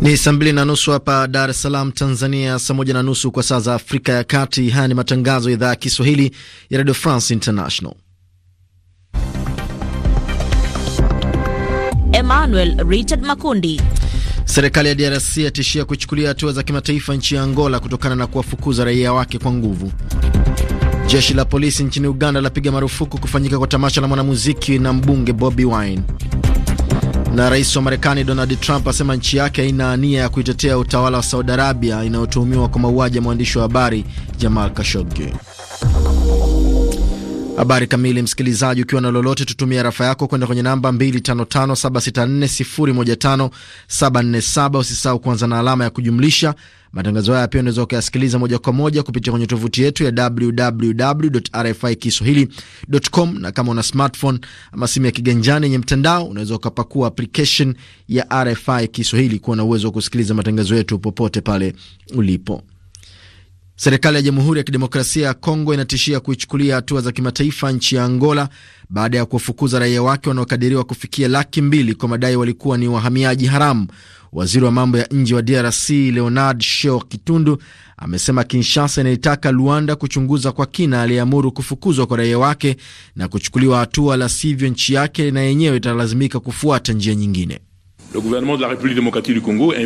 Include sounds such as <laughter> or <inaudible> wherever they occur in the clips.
Ni saa mbili na nusu hapa Dar es Salaam, Tanzania, saa moja na nusu kwa saa za Afrika ya Kati. Haya ni matangazo ya idhaa ya Kiswahili ya Radio France International. Emmanuel Richard Makundi. Serikali ya DRC yatishia kuchukulia hatua za kimataifa nchi ya Angola kutokana na kuwafukuza raia wake kwa nguvu. Jeshi la polisi nchini Uganda lapiga marufuku kufanyika kwa tamasha la mwanamuziki na mbunge Bobi Wine. Na rais wa Marekani Donald Trump asema nchi yake haina nia ya kuitetea utawala wa Saudi Arabia inayotuhumiwa kwa mauaji ya mwandishi wa habari Jamal Khashoggi. Habari kamili, msikilizaji, ukiwa na lolote, tutumia rafa yako kwenda kwenye namba 255764015747. Usisahau kuanza na alama ya kujumlisha Matangazo haya pia unaweza ukayasikiliza moja kwa moja kupitia kwenye tovuti yetu ya www.rfikiswahili.com, na kama una smartphone ama simu ya kiganjani yenye mtandao unaweza ukapakua application ya RFI Kiswahili kuwa na uwezo wa kusikiliza matangazo yetu popote pale ulipo. Serikali ya Jamhuri ya Kidemokrasia ya Kongo inatishia kuichukulia hatua za kimataifa nchi ya Angola baada ya kuwafukuza raia wake wanaokadiriwa kufikia laki mbili kwa madai walikuwa ni wahamiaji haramu. Waziri wa mambo ya nje wa DRC Leonard Sheo Kitundu amesema Kinshasa inaitaka Luanda kuchunguza kwa kina aliyeamuru kufukuzwa kwa raia wake na kuchukuliwa hatua, la sivyo nchi yake na yenyewe italazimika kufuata njia nyingine.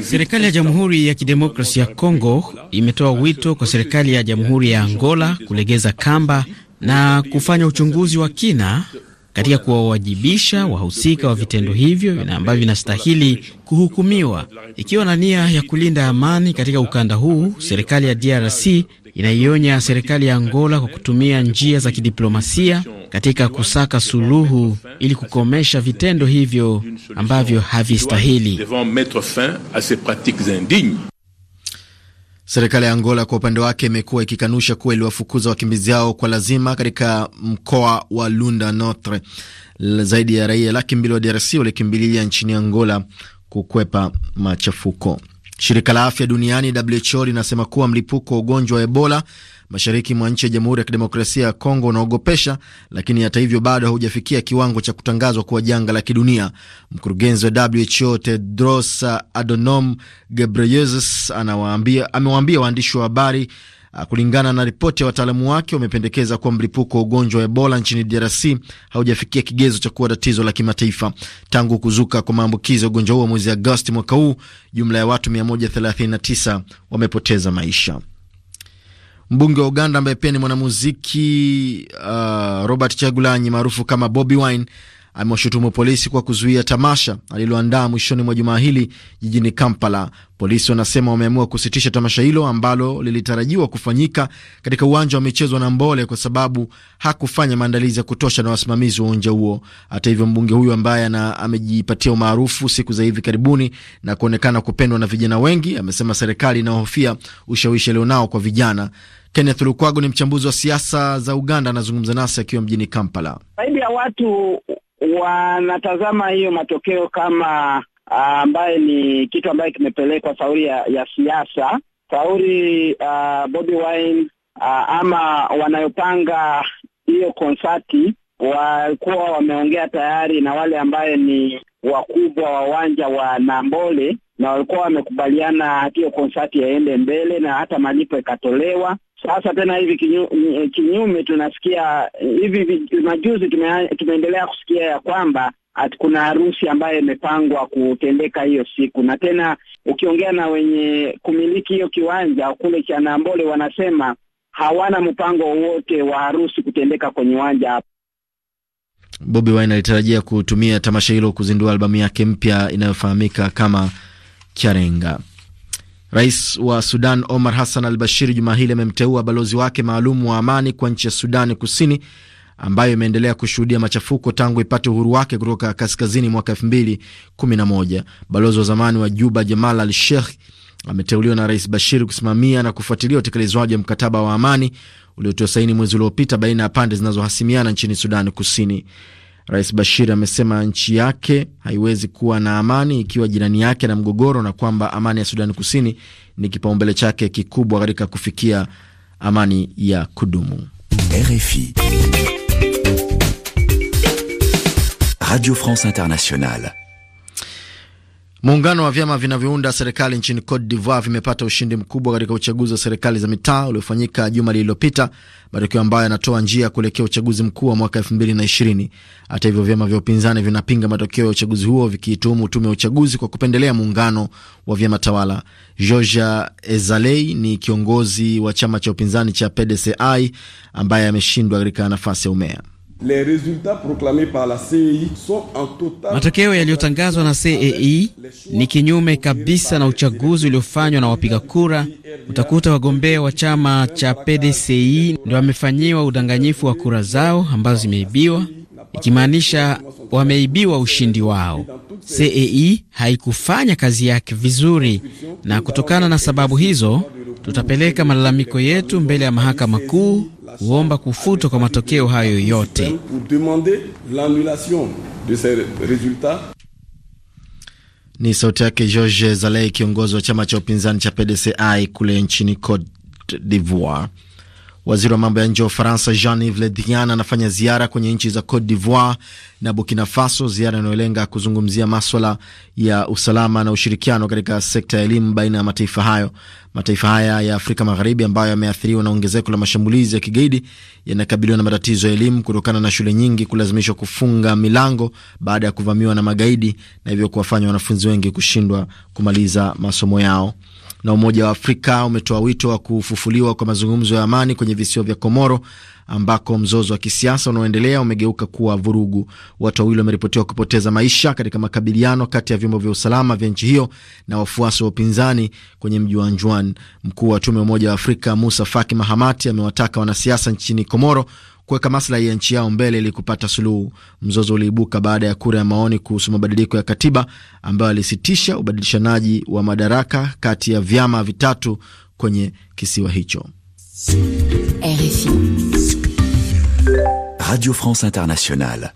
Serikali ya Jamhuri ya Kidemokrasia ya Kongo imetoa wito kwa serikali ya Jamhuri ya Angola kulegeza kamba na kufanya uchunguzi wa kina katika kuwawajibisha wahusika wa vitendo hivyo na ambavyo vinastahili kuhukumiwa. Ikiwa na nia ya kulinda amani katika ukanda huu, serikali ya DRC inaionya serikali ya Angola kwa kutumia njia za kidiplomasia katika kusaka suluhu ili kukomesha vitendo hivyo ambavyo havistahili. Serikali ya Angola kwa upande wake imekuwa ikikanusha kuwa iliwafukuza wakimbizi hao kwa lazima katika mkoa wa Lunda notre Zaidi ya raia laki mbili wa DRC walikimbilia nchini Angola kukwepa machafuko. Shirika la afya duniani WHO linasema kuwa mlipuko wa ugonjwa wa Ebola mashariki mwa nchi ya Jamhuri ya Kidemokrasia ya Kongo unaogopesha, lakini hata hivyo bado haujafikia kiwango cha kutangazwa kuwa janga la kidunia. Mkurugenzi wa WHO Tedros Adhanom Ghebreyesus amewaambia waandishi wa habari ah, Kulingana na ripoti ya wataalamu wake, wamependekeza kuwa mlipuko wa ugonjwa wa Ebola nchini DRC haujafikia kigezo cha kuwa tatizo la kimataifa. Tangu kuzuka kwa maambukizi ya ugonjwa huo mwezi Agosti mwaka huu, jumla ya watu 139 wamepoteza maisha. Mbunge wa Uganda ambaye pia ni mwanamuziki uh, Robert Chagulanyi maarufu kama Bobi Wine amewashutumu polisi kwa kuzuia tamasha aliloandaa mwishoni mwa jumaa hili jijini Kampala. Polisi wanasema wameamua kusitisha tamasha hilo ambalo lilitarajiwa kufanyika katika uwanja wa michezo na Mbole kwa sababu hakufanya maandalizi ya kutosha na wasimamizi wa uwanja huo. Hata hivyo, mbunge huyu ambaye amejipatia umaarufu siku za hivi karibuni na kuonekana kupendwa na vijana wengi amesema serikali inahofia ushawishi alionao kwa vijana. Kenneth Lukwago ni mchambuzi wa siasa za Uganda, anazungumza nasi akiwa mjini Kampala. Zaidi ya watu wanatazama hiyo matokeo kama ah, ambaye ni kitu ambaye kimepelekwa sauri ya, ya siasa sauri uh, Bobi Wine uh, ama wanayopanga hiyo konsati walikuwa wameongea tayari na wale ambaye ni wakubwa wa uwanja wa Nambole na walikuwa wamekubaliana hiyo konsati yaende mbele na hata malipo ikatolewa, sasa tena hivi kinyume, kinyume tunasikia hivi majuzi tume, tumeendelea kusikia ya kwamba kuna harusi ambayo imepangwa kutendeka hiyo siku, na tena ukiongea na wenye kumiliki hiyo kiwanja kule cha Nambole wanasema hawana mpango wowote wa harusi kutendeka kwenye uwanja hapo. Bobi Wine alitarajia kutumia tamasha hilo kuzindua albamu yake mpya inayofahamika kama Charenga. Rais wa Sudan Omar Hassan al Bashir juma hili amemteua balozi wake maalum wa amani kwa nchi ya Sudani Kusini ambayo imeendelea kushuhudia machafuko tangu ipate uhuru wake kutoka kaskazini mwaka moja. Balozi wa zamani wa Juba Jamal al Sheikh ameteuliwa na Rais Bashir kusimamia na kufuatilia utekelezwaji wa mkataba wa amani uliotiwa saini mwezi uliopita baina ya pande zinazohasimiana nchini Sudani Kusini. Rais Bashir amesema nchi yake haiwezi kuwa na amani ikiwa jirani yake na mgogoro, na kwamba amani ya Sudani Kusini ni kipaumbele chake kikubwa katika kufikia amani ya kudumu. RFI Radio France Internationale Muungano wa vyama vinavyounda serikali nchini Cote d'Ivoire vimepata ushindi mkubwa katika uchaguzi wa serikali za mitaa uliofanyika juma lililopita, matokeo ambayo yanatoa njia kuelekea uchaguzi mkuu wa mwaka 2020. Hata hivyo, vyama vya upinzani vinapinga matokeo ya uchaguzi huo, vikiituhumu tume ya uchaguzi kwa kupendelea muungano wa vyama tawala. Georgia Ezalei ni kiongozi wa chama cha upinzani cha PDCI ambaye ameshindwa katika nafasi ya umea. Matokeo yaliyotangazwa na CEI ni kinyume kabisa na uchaguzi uliofanywa na wapiga kura. Utakuta wagombea wa chama cha PDCI ndio wamefanyiwa udanganyifu wa kura zao ambazo zimeibiwa, ikimaanisha wameibiwa ushindi wao. CEI haikufanya kazi yake vizuri, na kutokana na sababu hizo Tutapeleka malalamiko yetu mbele ya mahakama kuu kuomba kufutwa kwa matokeo hayo yote. Ni sauti yake George Zalei, kiongozi wa chama cha upinzani cha PDCI kule nchini Cote d'Ivoire. Waziri wa mambo ya nje wa Ufaransa Jean-Yves Le Drian anafanya ziara kwenye nchi za Cote d'Ivoire na Burkina Faso, ziara inayolenga kuzungumzia maswala ya usalama na ushirikiano katika sekta ya elimu baina ya mataifa hayo. Mataifa haya ya Afrika Magharibi ambayo yameathiriwa na ongezeko la mashambulizi ya kigaidi yanakabiliwa na matatizo ya elimu kutokana na shule nyingi kulazimishwa kufunga milango baada ya kuvamiwa na magaidi na hivyo kuwafanya wanafunzi wengi kushindwa kumaliza masomo yao na Umoja wa Afrika umetoa wito wa kufufuliwa kwa mazungumzo ya amani kwenye visiwa vya Komoro ambako mzozo wa kisiasa unaoendelea umegeuka kuwa vurugu. Watu wawili wameripotiwa kupoteza maisha katika makabiliano kati ya vyombo vya usalama vya nchi hiyo na wafuasi wa upinzani kwenye mji wa Anjuan. Mkuu wa tume ya Umoja wa Afrika Musa Faki Mahamati amewataka wanasiasa nchini Komoro kuweka maslahi ya nchi yao mbele ili kupata suluhu. Mzozo uliibuka baada ya kura ya maoni kuhusu mabadiliko ya katiba ambayo alisitisha ubadilishanaji wa madaraka kati ya vyama vitatu kwenye kisiwa hicho. RFI. Radio France Internationale.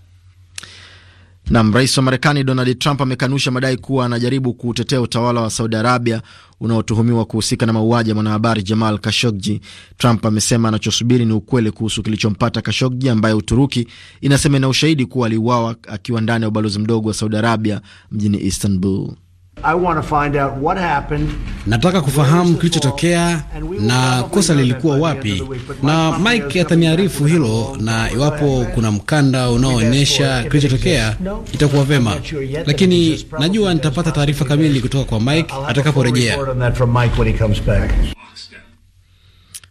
Nam, rais wa Marekani Donald Trump amekanusha madai kuwa anajaribu kutetea utawala wa Saudi Arabia unaotuhumiwa kuhusika na mauaji ya mwanahabari Jamal Kashogji. Trump amesema anachosubiri ni ukweli kuhusu kilichompata Kashogji, ambaye Uturuki inasema ina ushahidi kuwa aliuawa akiwa ndani ya ubalozi mdogo wa Saudi Arabia mjini Istanbul. Nataka kufahamu kilichotokea na kosa lilikuwa wapi, na Mike ataniarifu hilo, na iwapo kuna mkanda unaoonyesha kilichotokea itakuwa vema, lakini najua nitapata taarifa kamili kutoka kwa Mike atakaporejea.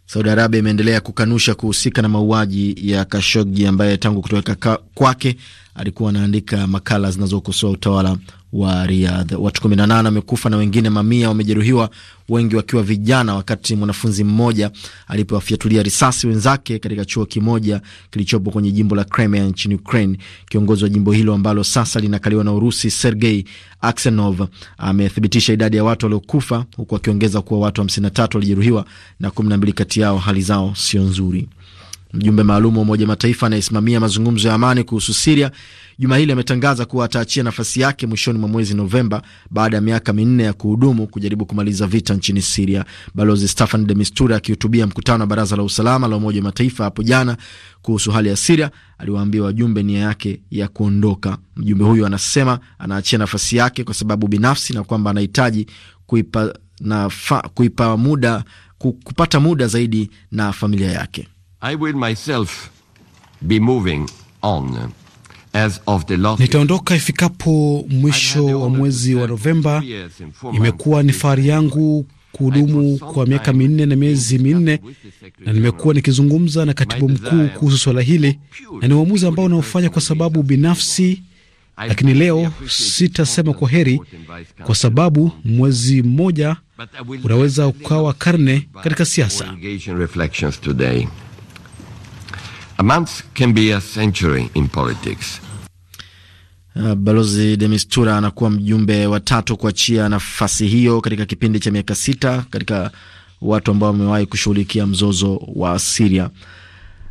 Saudi Arabia imeendelea kukanusha kuhusika na mauaji ya Kashogi ambaye tangu kutoweka kwake alikuwa anaandika makala zinazokosoa utawala wa Riyadh. Watu 18 wamekufa na wengine mamia wamejeruhiwa, wengi wakiwa vijana, wakati mwanafunzi mmoja alipowafyatulia risasi wenzake katika chuo kimoja kilichopo kwenye jimbo la Crimea nchini Ukraine. Kiongozi wa jimbo hilo ambalo sasa linakaliwa na Urusi, Sergei Aksenov, amethibitisha idadi ya watu waliokufa, huku akiongeza kuwa watu 53 walijeruhiwa na 12 kati yao hali zao sio nzuri. Mjumbe maalum wa Umoja Mataifa anayesimamia mazungumzo ya amani kuhusu Siria juma hili ametangaza kuwa ataachia nafasi yake mwishoni mwa mwezi Novemba baada ya miaka minne ya kuhudumu kujaribu kumaliza vita nchini Siria. Balozi Staffan de Mistura akihutubia mkutano wa Baraza la Usalama la Umoja Mataifa hapo jana kuhusu hali ya Siria aliwaambia wajumbe nia yake ya kuondoka. Mjumbe huyo anasema anaachia nafasi yake kwa sababu binafsi na kwamba anahitaji kuipa, kuipa muda kupata muda zaidi na familia yake. Nitaondoka ifikapo mwisho wa mwezi wa Novemba. Imekuwa ni fahari yangu kuhudumu kwa miaka minne na miezi minne, na nimekuwa nikizungumza na katibu mkuu kuhusu swala hili, na ni uamuzi ambao unaofanya kwa sababu binafsi, lakini leo sitasema kwa heri, kwa sababu mwezi mmoja unaweza ukawa karne katika siasa. A month can be a century in politics. Uh, Balozi de Mistura anakuwa mjumbe wa tatu kuachia nafasi hiyo katika kipindi cha miaka sita katika watu ambao wamewahi kushughulikia mzozo wa Siria.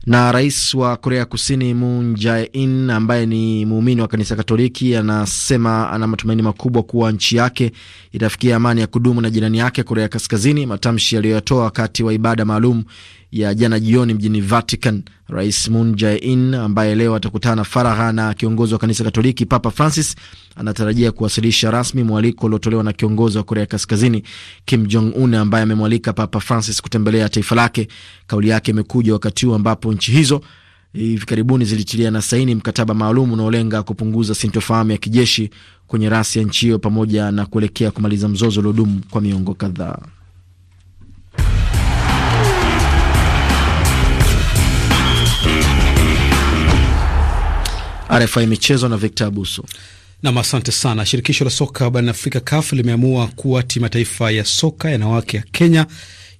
Na rais wa Korea Kusini Moon Jae-in ambaye ni muumini wa kanisa Katoliki anasema ana matumaini makubwa kuwa nchi yake itafikia amani ya kudumu na jirani yake Korea Kaskazini. Matamshi aliyoyatoa wakati wa ibada maalum ya jana jioni mjini Vatican, Rais Moon Jae-in ambaye leo atakutana faragha na kiongozi wa kanisa Katoliki Papa Francis anatarajia kuwasilisha rasmi mwaliko uliotolewa na kiongozi wa Korea Kaskazini Kim Jong Un ambaye amemwalika Papa Francis kutembelea taifa lake. Kauli yake imekuja wakati huu ambapo nchi hizo hivi karibuni zilitilia na saini mkataba maalum unaolenga kupunguza sintofahamu ya kijeshi kwenye rasi ya nchi hiyo pamoja na kuelekea kumaliza mzozo uliodumu kwa miongo kadhaa. RFI Michezo na Victor Abuso. Nam, asante sana. Shirikisho la soka barani Afrika, CAF, limeamua kuwa timu taifa ya soka ya wanawake ya Kenya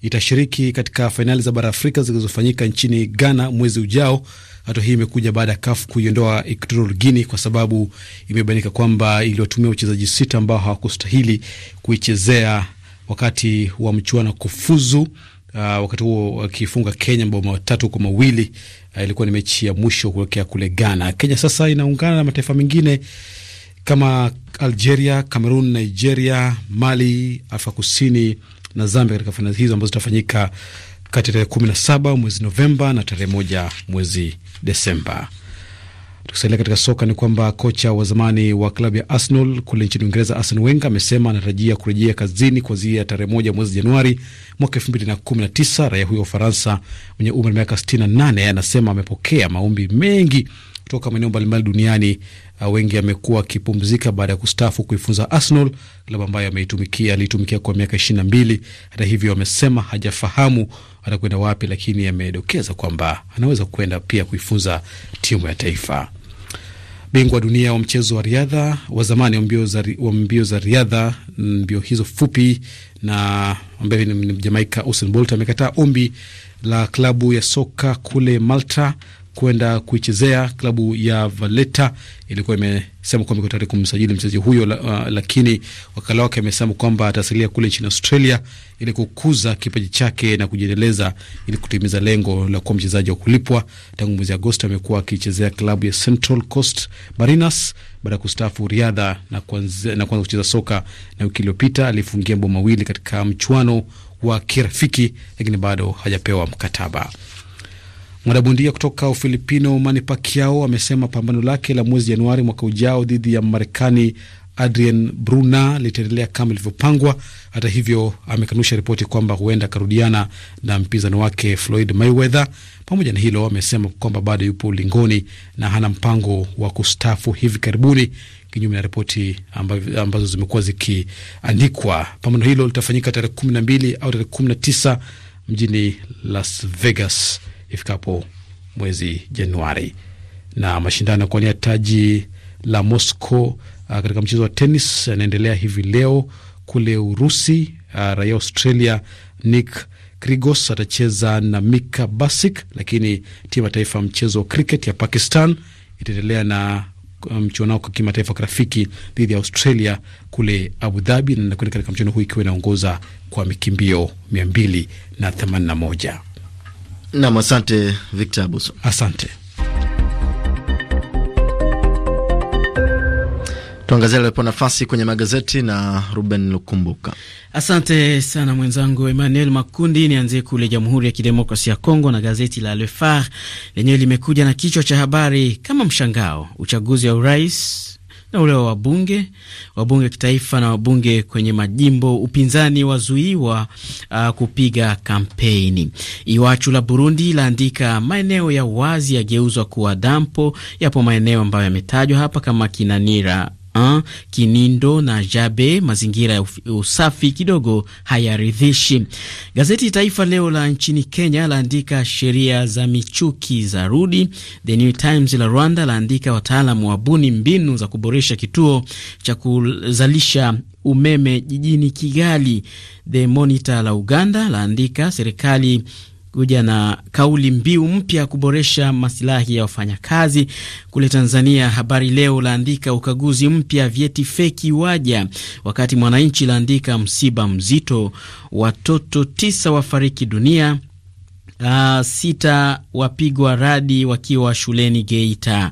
itashiriki katika fainali za bara Afrika zilizofanyika nchini Ghana mwezi ujao. Hatua hii imekuja baada ya CAF kuiondoa Equatorial Guinea kwa sababu imebainika kwamba iliwatumia wachezaji sita ambao hawakustahili kuichezea wakati wa mchuano kufuzu. Uh, wakati huo wakifunga Kenya mabao matatu kwa mawili Eh, ilikuwa ni mechi ya mwisho kuelekea kule Ghana. Kenya sasa inaungana na mataifa mengine kama Algeria, Cameroon, Nigeria, Mali, Afrika Kusini na Zambia katika fainali hizo ambazo zitafanyika kati ya tarehe kumi na saba mwezi Novemba na tarehe moja mwezi Desemba. Tukisalia katika soka ni kwamba kocha wa zamani wa klabu ya Arsenal kule nchini Uingereza, Arsene Wenger amesema anatarajia kurejea kazini kuanzia tarehe moja mwezi Januari mwaka elfu mbili na kumi na tisa. Raia huyo wa Ufaransa mwenye umri wa miaka nane anasema amepokea maombi mengi kutoka maeneo mbalimbali duniani. Uh, wengi amekuwa akipumzika baada ya kustafu kuifunza Arsenal, klabu ambayo ameitumikia aliitumikia kwa miaka ishirini na mbili. Hata hivyo, amesema hajafahamu atakwenda wapi, lakini amedokeza kwamba anaweza kwenda pia kuifunza timu ya taifa bingwa dunia wa mchezo wa riadha wa zamani wa mbio za, wa mbio za riadha mbio hizo fupi na ambaye ni Jamaika Usain Bolt amekataa ombi la klabu ya soka kule Malta kwenda kuichezea klabu ya Valeta. Ilikuwa imesema kwamba iko tayari kumsajili mchezaji huyo la, uh, lakini wakala wake amesema kwamba atasalia kule nchini Australia ili kukuza kipaji chake na kujiendeleza ili kutimiza lengo la kuwa mchezaji wa kulipwa. Tangu mwezi Agosti amekuwa akichezea klabu ya Central Coast Mariners baada ya kustaafu riadha na kuanza kucheza soka, na wiki iliyopita alifungia mabao mawili katika mchuano wa kirafiki, lakini bado hajapewa mkataba. Mwanabondia kutoka Ufilipino Manny Pacquiao amesema pambano lake la mwezi Januari mwaka ujao dhidi ya Marekani Adrian Bruna litaendelea kama ilivyopangwa. Hata hivyo, amekanusha ripoti kwamba huenda akarudiana na mpinzani wake Floyd Mayweather. Pamoja na hilo, amesema kwamba bado yupo ulingoni na hana mpango wa kustafu hivi karibuni, kinyume na ripoti ambazo, ambazo zimekuwa zikiandikwa. Pambano hilo litafanyika tarehe kumi na mbili au tarehe kumi na tisa mjini Las Vegas ifikapo mwezi Januari. Na mashindano ya kuwania taji la Moscow uh, katika mchezo wa tenis yanaendelea hivi leo kule Urusi. A, uh, raia Australia Nick Kyrgios atacheza na Mika Basic, lakini timu ya taifa mchezo wa cricket ya Pakistan itaendelea na um, mchuano kwa kimataifa kirafiki dhidi ya Australia kule Abu Dhabi, na nakwenda katika mchuano huu ikiwa inaongoza kwa mikimbio mia mbili na themanini na moja. Nam, asante Victor Abuso, asante. tuangazia lepo nafasi kwenye magazeti na Ruben Lukumbuka. Asante sana mwenzangu Emmanuel Makundi. Nianzie kule Jamhuri ya Kidemokrasia ya Kongo na gazeti la Le Phare lenyewe limekuja na kichwa cha habari kama mshangao, uchaguzi wa urais na ule wa wabunge wabunge wa kitaifa na wabunge kwenye majimbo. Upinzani wazuiwa uh, kupiga kampeni. Iwachu la Burundi laandika maeneo ya wazi yageuzwa kuwa dampo. Yapo maeneo ambayo yametajwa hapa kama Kinanira Kinindo na Jabe, mazingira ya usafi kidogo hayaridhishi. Gazeti Taifa Leo la nchini Kenya laandika sheria za michuki za rudi. The New Times la Rwanda laandika wataalamu wabuni mbinu za kuboresha kituo cha kuzalisha umeme jijini Kigali. The Monitor la Uganda laandika serikali kuja na kauli mbiu mpya kuboresha masilahi ya wafanyakazi. Kule Tanzania, Habari Leo laandika ukaguzi mpya vyeti feki waja, wakati Mwananchi laandika msiba mzito, watoto tisa wafariki dunia uh, sita wapigwa radi wakiwa shuleni Geita.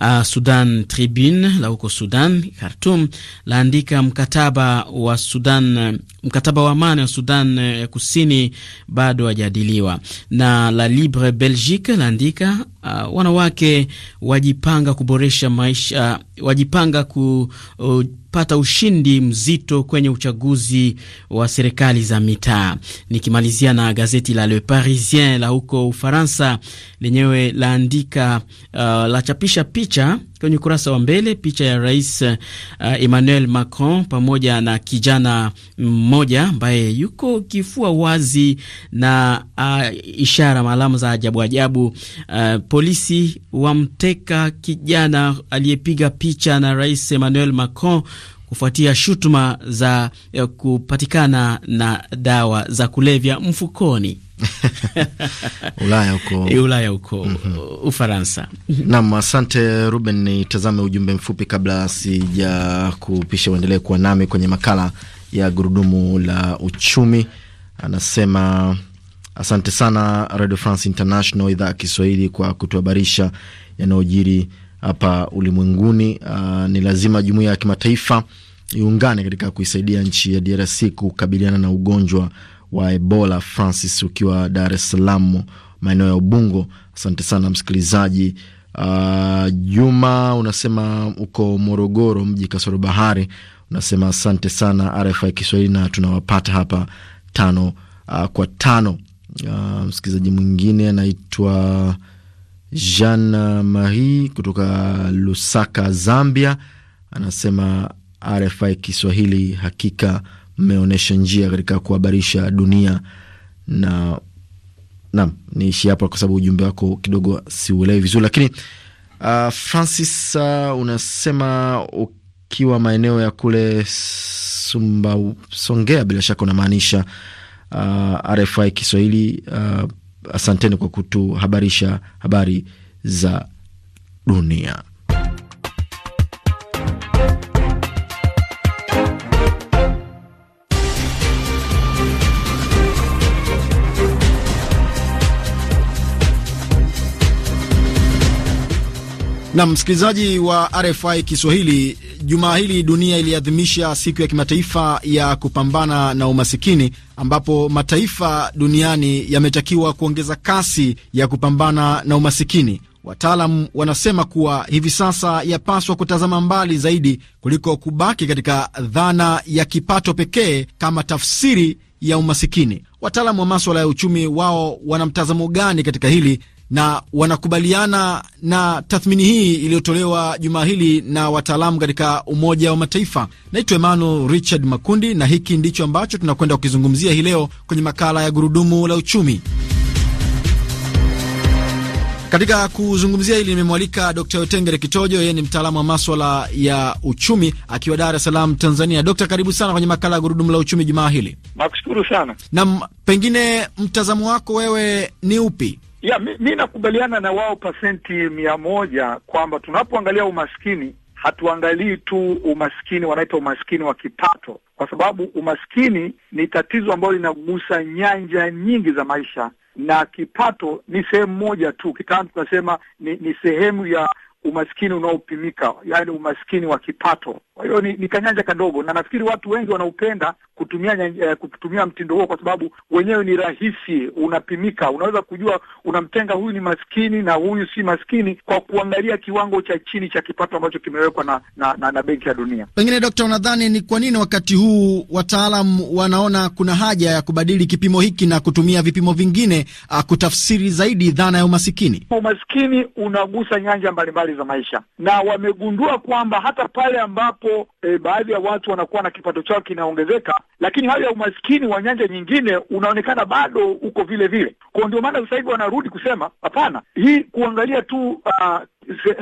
Uh, Sudan Tribune la huko Sudan khartum laandika mkataba wa Sudan, mkataba wa amani wa Sudan ya eh, kusini bado wajadiliwa na la Libre Belgique laandika uh, wanawake wajipanga kuboresha maisha, wajipanga kupata uh, ushindi mzito kwenye uchaguzi wa serikali za mitaa. Nikimalizia na gazeti la Le Parisien la huko Ufaransa, lenyewe laandika uh, lachapisha picha Kwenye ukurasa wa mbele picha ya rais uh, Emmanuel Macron pamoja na kijana mmoja ambaye yuko kifua wazi na uh, ishara maalamu za ajabu ajabu. Uh, polisi wamteka kijana aliyepiga picha na rais Emmanuel Macron kufuatia shutuma za eh, kupatikana na dawa za kulevya mfukoni. <laughs> Ulaya huko, <laughs> eh, Ulaya huko mm -hmm. Ufaransa. Naam, asante Ruben. Nitazame ujumbe mfupi kabla sija kupisha, uendelee kuwa nami kwenye makala ya gurudumu la uchumi. Anasema asante sana Radio France International idhaa ya Kiswahili kwa kutuhabarisha yanayojiri hapa ulimwenguni. Uh, ni lazima jumuiya ya kimataifa iungane katika kuisaidia nchi ya DRC kukabiliana na ugonjwa wa Ebola. Francis, ukiwa Dar es Salaam, maeneo ya Ubungo, asante sana msikilizaji. Uh, Juma unasema uko Morogoro mji kasoro bahari, unasema asante sana RFI Kiswahili na tunawapata hapa tano uh, kwa tano. Uh, msikilizaji mwingine anaitwa Jean Marie kutoka Lusaka, Zambia, anasema RFI Kiswahili, hakika mmeonyesha njia katika kuhabarisha dunia na nam niishi hapa kwa sababu ujumbe wako kidogo siuelewi vizuri, lakini uh, Francis uh, unasema ukiwa maeneo ya kule Sumba, Songea, bila shaka unamaanisha uh, RFI Kiswahili uh, Asanteni kwa kutuhabarisha habari za dunia. Na msikilizaji wa RFI Kiswahili, jumaa hili dunia iliadhimisha siku ya kimataifa ya kupambana na umasikini, ambapo mataifa duniani yametakiwa kuongeza kasi ya kupambana na umasikini. Wataalam wanasema kuwa hivi sasa yapaswa kutazama mbali zaidi kuliko kubaki katika dhana ya kipato pekee kama tafsiri ya umasikini. Wataalamu wa maswala ya uchumi, wao wana mtazamo gani katika hili? na wanakubaliana na tathmini hii iliyotolewa jumaa hili na wataalamu katika Umoja wa Mataifa. Naitwa Emmanuel Richard Makundi, na hiki ndicho ambacho tunakwenda kukizungumzia hii leo kwenye makala ya Gurudumu la Uchumi. Katika kuzungumzia hili nimemwalika Dr Otengere Kitojo, yeye ni mtaalamu wa maswala ya uchumi akiwa Dar es Salaam, Tanzania. Dokta, karibu sana kwenye makala ya gurudumu la uchumi jumaa hili. Nakushukuru sana. Nam, pengine mtazamo wako wewe ni upi ya mi, mi nakubaliana na wao pasenti mia moja kwamba tunapoangalia umaskini hatuangalii tu umaskini wanaita umaskini wa kipato, kwa sababu umaskini ni tatizo ambalo linagusa nyanja nyingi za maisha, na kipato ni sehemu moja tu. Kitaalamu tunasema ni, ni sehemu ya umaskini unaopimika, yani umaskini wa kipato. Kwa hiyo ni, ni kanyanja kadogo, na nafikiri watu wengi wanaupenda kutumia eh, kutumia mtindo huo kwa sababu wenyewe ni rahisi, unapimika, unaweza kujua, unamtenga huyu ni maskini na huyu si maskini kwa kuangalia kiwango cha chini cha kipato ambacho kimewekwa na, na, na, na Benki ya Dunia. Pengine Dokta, unadhani ni kwa nini wakati huu wataalam wanaona kuna haja ya kubadili kipimo hiki na kutumia vipimo vingine, ah, kutafsiri zaidi dhana ya umasikini? Umaskini unagusa nyanja mbalimbali za maisha, na wamegundua kwamba hata pale ambapo e, baadhi ya watu wanakuwa na kipato chao kinaongezeka, lakini hali ya umaskini wa nyanja nyingine unaonekana bado uko vile vile. Kwa ndio maana sasa hivi wanarudi kusema hapana, hii kuangalia tu uh,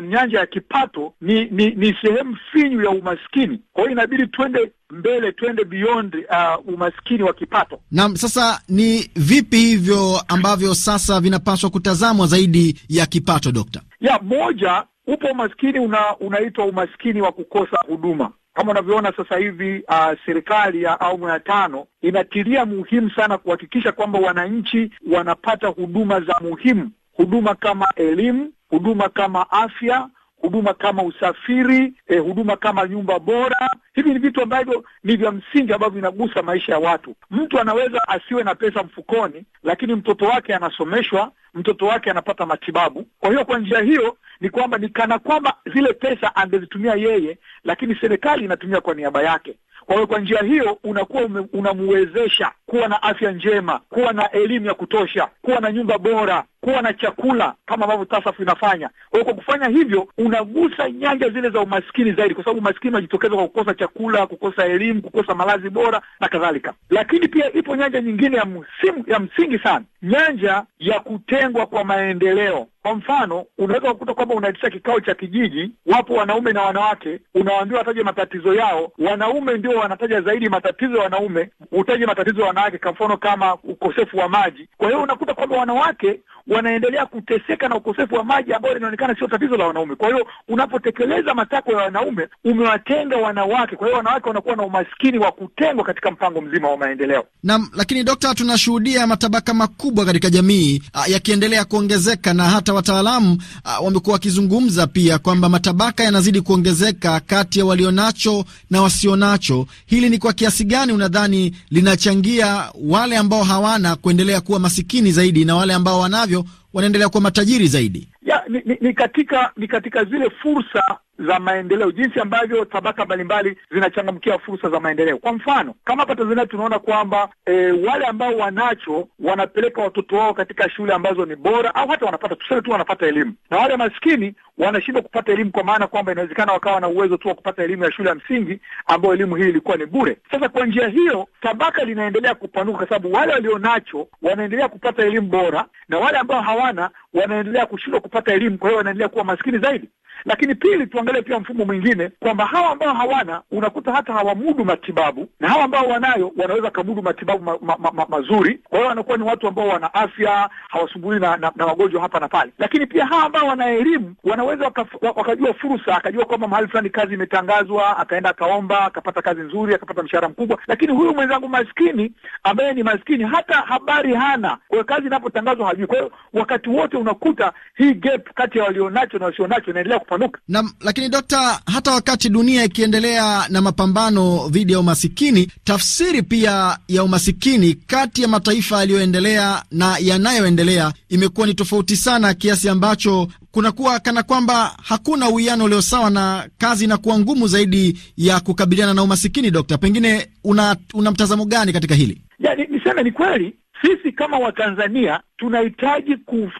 nyanja ya kipato ni, ni ni sehemu finyu ya umaskini. Kwa hiyo inabidi twende mbele, twende beyond uh, umaskini wa kipato. Naam, sasa ni vipi hivyo ambavyo sasa vinapaswa kutazamwa zaidi ya kipato, Dokta? Ya moja Upo umaskini una, unaitwa umaskini wa kukosa huduma kama unavyoona sasa hivi uh, serikali ya awamu ya tano inatilia muhimu sana kuhakikisha kwamba wananchi wanapata huduma za muhimu, huduma kama elimu, huduma kama afya, huduma kama usafiri eh, huduma kama nyumba bora. Hivi ni vitu ambavyo ni vya msingi ambavyo vinagusa maisha ya watu. Mtu anaweza asiwe na pesa mfukoni, lakini mtoto wake anasomeshwa, mtoto wake anapata matibabu. Kwa hiyo kwa njia hiyo ni kwamba ni kana kwamba zile pesa angezitumia yeye, lakini serikali inatumia kwa niaba yake. Kwa hiyo kwa njia hiyo unakuwa unamwezesha kuwa na afya njema, kuwa na elimu ya kutosha, kuwa na nyumba bora, kuwa na chakula kama ambavyo TASAF inafanya. Kwa hiyo kwa kufanya hivyo unagusa nyanja zile za umaskini zaidi, kwa sababu umaskini unajitokeza kwa kukosa chakula, kukosa elimu, kukosa malazi bora na kadhalika. Lakini pia ipo nyanja nyingine ya msimu, ya msingi sana, nyanja ya kutengwa kwa maendeleo. Kwa mfano, unaweza kukuta kwamba unaitisha kikao cha kijiji, wapo wanaume na wanawake, unawaambia wataje matatizo yao. Wanaume ndio wanataja zaidi matatizo ya wanaume, utaje matatizo ya wanawake, kwa mfano kama ukosefu wa maji. Kwa hiyo unakuta kwamba wanawake wanaendelea kuteseka na ukosefu wa maji ambayo linaonekana sio tatizo la wanaume. Kwa hiyo unapotekeleza matakwa ya wanaume umewatenga wanawake, kwa hiyo wanawake wanakuwa na umaskini wa kutengwa katika mpango mzima wa maendeleo. Naam, lakini Dokta, tunashuhudia matabaka makubwa katika jamii yakiendelea kuongezeka na hata wataalamu wamekuwa wakizungumza pia kwamba matabaka yanazidi kuongezeka kati ya walionacho na wasionacho. Hili ni kwa kiasi gani unadhani linachangia wale ambao hawana kuendelea kuwa masikini zaidi na wale ambao wanavyo wanaendelea kuwa matajiri zaidi. Ya, ni, ni, ni katika ni katika zile fursa za maendeleo, jinsi ambavyo tabaka mbalimbali zinachangamkia fursa za maendeleo. Kwa mfano kama hapa Tanzania tunaona kwamba e, wale ambao wanacho wanapeleka watoto wao katika shule ambazo ni bora, au hata wanapata tuseme tu wanapata elimu, na wale maskini wanashindwa kupata elimu, kwa maana kwamba inawezekana wakawa na uwezo tu wa kupata elimu ya shule ya msingi ambayo elimu hii ilikuwa ni bure. Sasa kwa njia hiyo tabaka linaendelea kupanuka, kwa sababu wale walionacho wanaendelea kupata elimu bora na wale ambao hawana wanaendelea kushindwa kupata elimu, kwa hiyo wanaendelea kuwa maskini zaidi. Lakini pili, tuangalie pia mfumo mwingine kwamba hawa ambao hawana unakuta hata hawamudu matibabu na hawa ambao wanayo wanaweza kamudu matibabu ma, ma, ma, ma, mazuri. Kwa hiyo wanakuwa ni watu ambao wana afya, hawasumbuli na, na, na magonjwa hapa na pale. Lakini pia hawa ambao wana elimu wanaweza waka, wakajua fursa, akajua kwamba mahali fulani kazi imetangazwa, akaenda akaomba, akapata kazi nzuri, akapata mshahara mkubwa. Lakini huyu mwenzangu maskini ambaye ni maskini hata habari hana, kwa hiyo kazi inapotangazwa hajui, kwa hiyo wakati wote unakuta hii gap kati ya walionacho na wasionacho inaendelea kupanuka. Naam, lakini dokta, hata wakati dunia ikiendelea na mapambano dhidi ya umasikini, tafsiri pia ya umasikini kati ya mataifa yaliyoendelea na yanayoendelea imekuwa ni tofauti sana, kiasi ambacho kunakuwa kana kwamba hakuna uwiano ulio sawa, na kazi inakuwa ngumu zaidi ya kukabiliana na umasikini. Dokta, pengine una, una mtazamo gani katika hili? Ya, niseme ni kweli sisi kama Watanzania tunahitaji uh,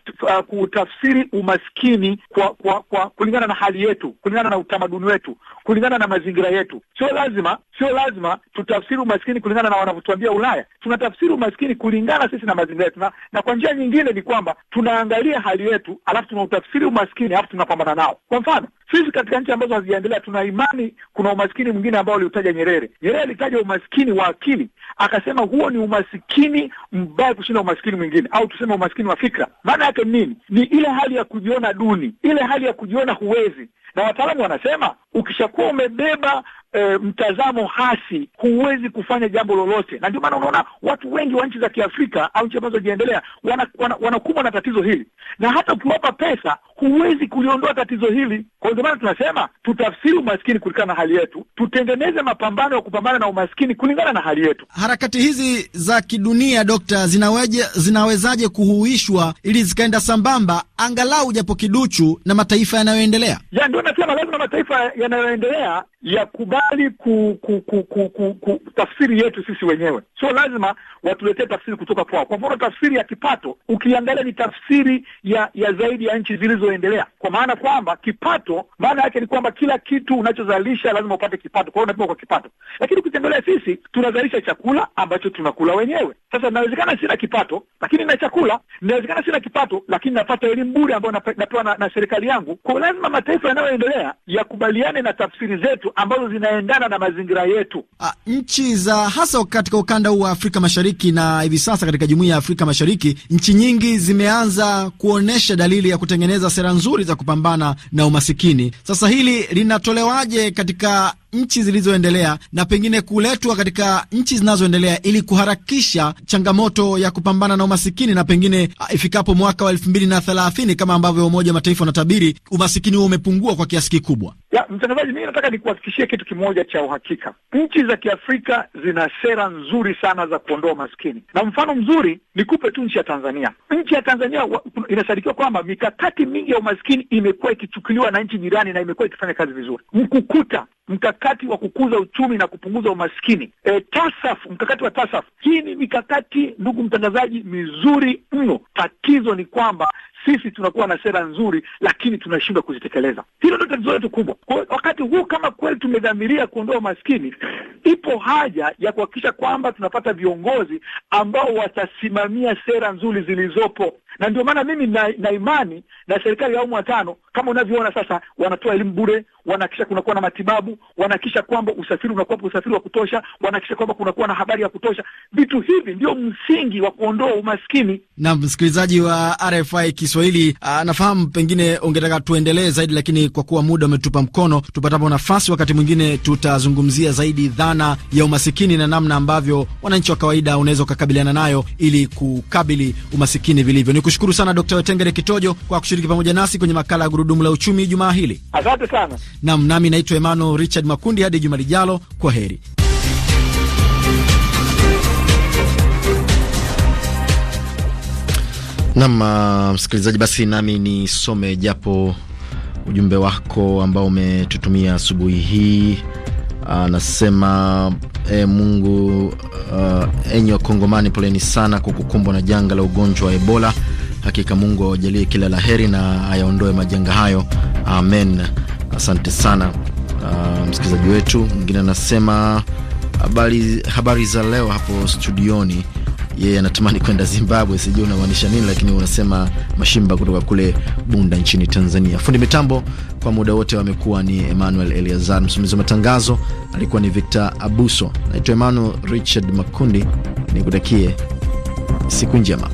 kutafsiri umaskini kwa, kwa, kwa kulingana na hali yetu, kulingana na utamaduni wetu, kulingana na mazingira yetu. Sio lazima, sio lazima tutafsiri umaskini kulingana na wanavyotuambia Ulaya. Tunatafsiri umaskini kulingana sisi na mazingira yetu, na, na kwa njia nyingine ni kwamba tunaangalia hali yetu alafu tunautafsiri umaskini alafu tunapambana nao. Kwa mfano sisi katika nchi ambazo hazijaendelea tuna imani kuna umaskini mwingine ambao aliutaja Nyerere. Nyerere alitaja umaskini wa akili, akasema huo ni umaskini mbaya kushinda umaskini mwingine au tunasema umaskini wa fikra, maana yake nini? Ni ile hali ya kujiona duni, ile hali ya kujiona huwezi. Na wataalamu wanasema ukishakuwa umebeba e, mtazamo hasi, huwezi kufanya jambo lolote, na ndio maana unaona watu wengi wa nchi za Kiafrika au nchi ambazo jiendelea wanakumbwa wana, wana na tatizo hili, na hata ukiwapa pesa huwezi kuliondoa tatizo hili. Kwa hiyo ndio maana tunasema tutafsiri umaskini kulingana na hali yetu, tutengeneze mapambano ya kupambana na umaskini kulingana na hali yetu. Harakati hizi za kidunia, Dokta, zinaweje zinawezaje kuhuishwa ili zikaenda sambamba angalau japo kiduchu na mataifa yanayoendelea? Ya ndio nasema lazima mataifa yanayoendelea yakubali ku, ku, ku, ku, ku, ku tafsiri yetu sisi wenyewe, sio lazima watuletee tafsiri kutoka kwao. Kwa mfano tafsiri ya kipato ukiangalia ni tafsiri ya, ya zaidi ya nchi zilizoendelea, kwa maana kwamba kipato kipato, maana yake ni kwamba kila kitu unachozalisha lazima upate kipato, kwa hiyo unapima kwa kipato. Lakini ukitembelea sisi tunazalisha chakula ambacho tunakula wenyewe. Sasa inawezekana sina kipato, lakini na chakula. Inawezekana sina kipato, lakini napata elimu bure ambayo napewa na, na serikali yangu. Kwa lazima mataifa yanayoendelea yakubaliane na tafsiri zetu ambazo zinaendana na mazingira yetu. A, ah, nchi za hasa katika ukanda huu wa Afrika Mashariki na hivi sasa katika Jumuiya ya Afrika Mashariki, nchi nyingi zimeanza kuonyesha dalili ya kutengeneza sera nzuri za kupambana na umasikini umaskini. Sasa hili linatolewaje katika nchi zilizoendelea na pengine kuletwa katika nchi zinazoendelea ili kuharakisha changamoto ya kupambana na umasikini, na pengine ah, ifikapo mwaka wa elfu mbili na thelathini kama ambavyo Umoja wa Mataifa unatabiri umasikini huo umepungua kwa kiasi kikubwa. Mtangazaji, mimi nataka nikuhakikishie kitu kimoja cha uhakika, nchi za Kiafrika zina sera nzuri sana za kuondoa umasikini, na mfano mzuri nikupe tu nchi ya Tanzania. Nchi ya Tanzania inasadikiwa kwamba mikakati mingi ya umasikini imekuwa ikichukuliwa na nchi jirani na imekuwa ikifanya kazi vizuri. Mkukuta mkakati mkakati wa kukuza uchumi na kupunguza umaskini e, TASAF, mkakati wa TASAF. Hii ni mikakati, ndugu mtangazaji, mizuri mno. Tatizo ni kwamba sisi tunakuwa na sera nzuri, lakini tunashindwa kuzitekeleza. Hilo ndio tatizo letu kubwa. Kwa wakati huu, kama kweli tumedhamiria kuondoa umaskini, ipo haja ya kuhakikisha kwamba tunapata viongozi ambao watasimamia sera nzuri zilizopo, na ndio maana mimi na, na imani na serikali ya awamu ya tano kama unavyoona sasa, wanatoa elimu bure, wanahakikisha kunakuwa na matibabu, wanahakikisha kwamba usafiri unakuwa usafiri wa kutosha, wanahakikisha kwamba kunakuwa na habari ya kutosha. Vitu hivi ndio msingi wa kuondoa umaskini. Na msikilizaji wa RFI Kiswahili, ah, nafahamu pengine ungetaka tuendelee zaidi, lakini kwa kuwa muda umetupa mkono, tupatapo nafasi wakati mwingine tutazungumzia zaidi dhana ya umasikini na namna ambavyo wananchi wa kawaida unaweza ukakabiliana nayo ili kukabili umasikini vilivyo. Nikushukuru sana Dkt. Wetengere Kitojo kwa kushiriki pamoja nasi kwenye makala ya gurudumu la uchumi jumaa hili. Asante sana. nam. nami naitwa Emmanuel Richard Makundi. Hadi juma lijalo, kwa heri. Naam, uh, msikilizaji, basi nami nisome japo ujumbe wako ambao umetutumia asubuhi hii. Anasema uh, e, Mungu uh, enyi Wakongomani, poleni sana kwa kukumbwa na janga la ugonjwa wa Ebola. Hakika Mungu awajalie kila la heri na ayaondoe majanga hayo, amen. Asante sana uh, msikilizaji wetu mwingine anasema habari, habari za leo hapo studioni yeye anatamani kwenda Zimbabwe. Sijui unamaanisha nini, lakini unasema Mashimba kutoka kule Bunda nchini Tanzania. Fundi mitambo kwa muda wote wamekuwa ni Emmanuel Eliazar, msimamizi wa matangazo alikuwa ni Victor Abuso. Naitwa Emmanuel Richard Makundi, nikutakie siku njema.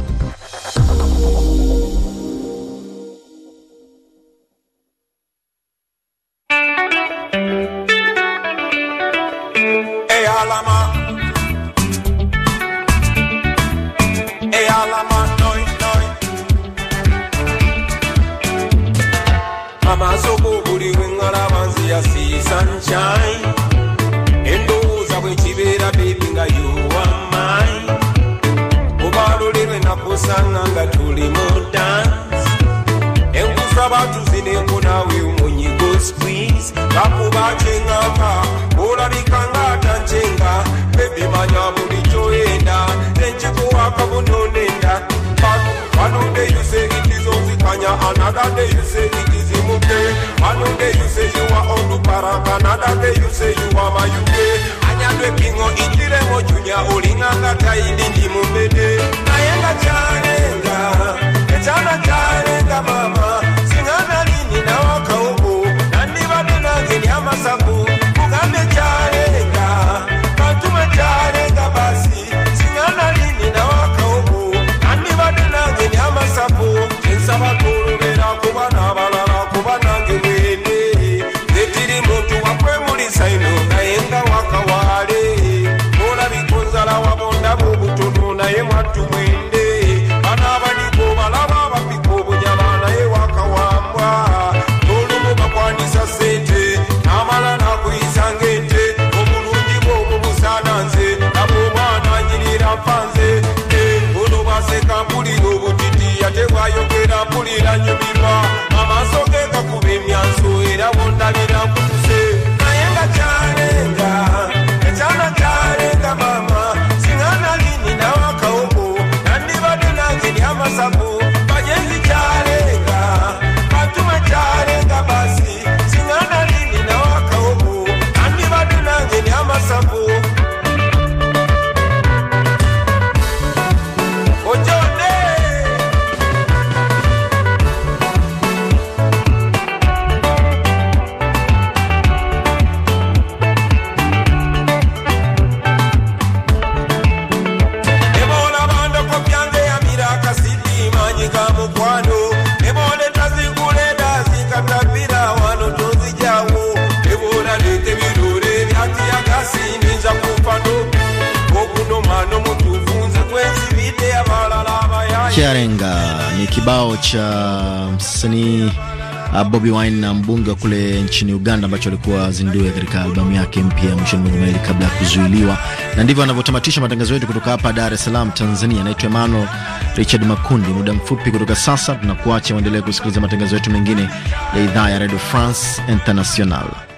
Uh, Bobby Wine na mbunge kule nchini Uganda, ambacho alikuwa azindue katika albamu yake mpya mwishoni mwa juma hili kabla ya kuzuiliwa. Na ndivyo anavyotamatisha matangazo yetu kutoka hapa Dar es Salaam, Tanzania. Naitwa Emmanuel Richard Makundi. Muda mfupi kutoka sasa tunakuacha, waendelee kusikiliza matangazo yetu mengine ya idhaa ya Radio France International.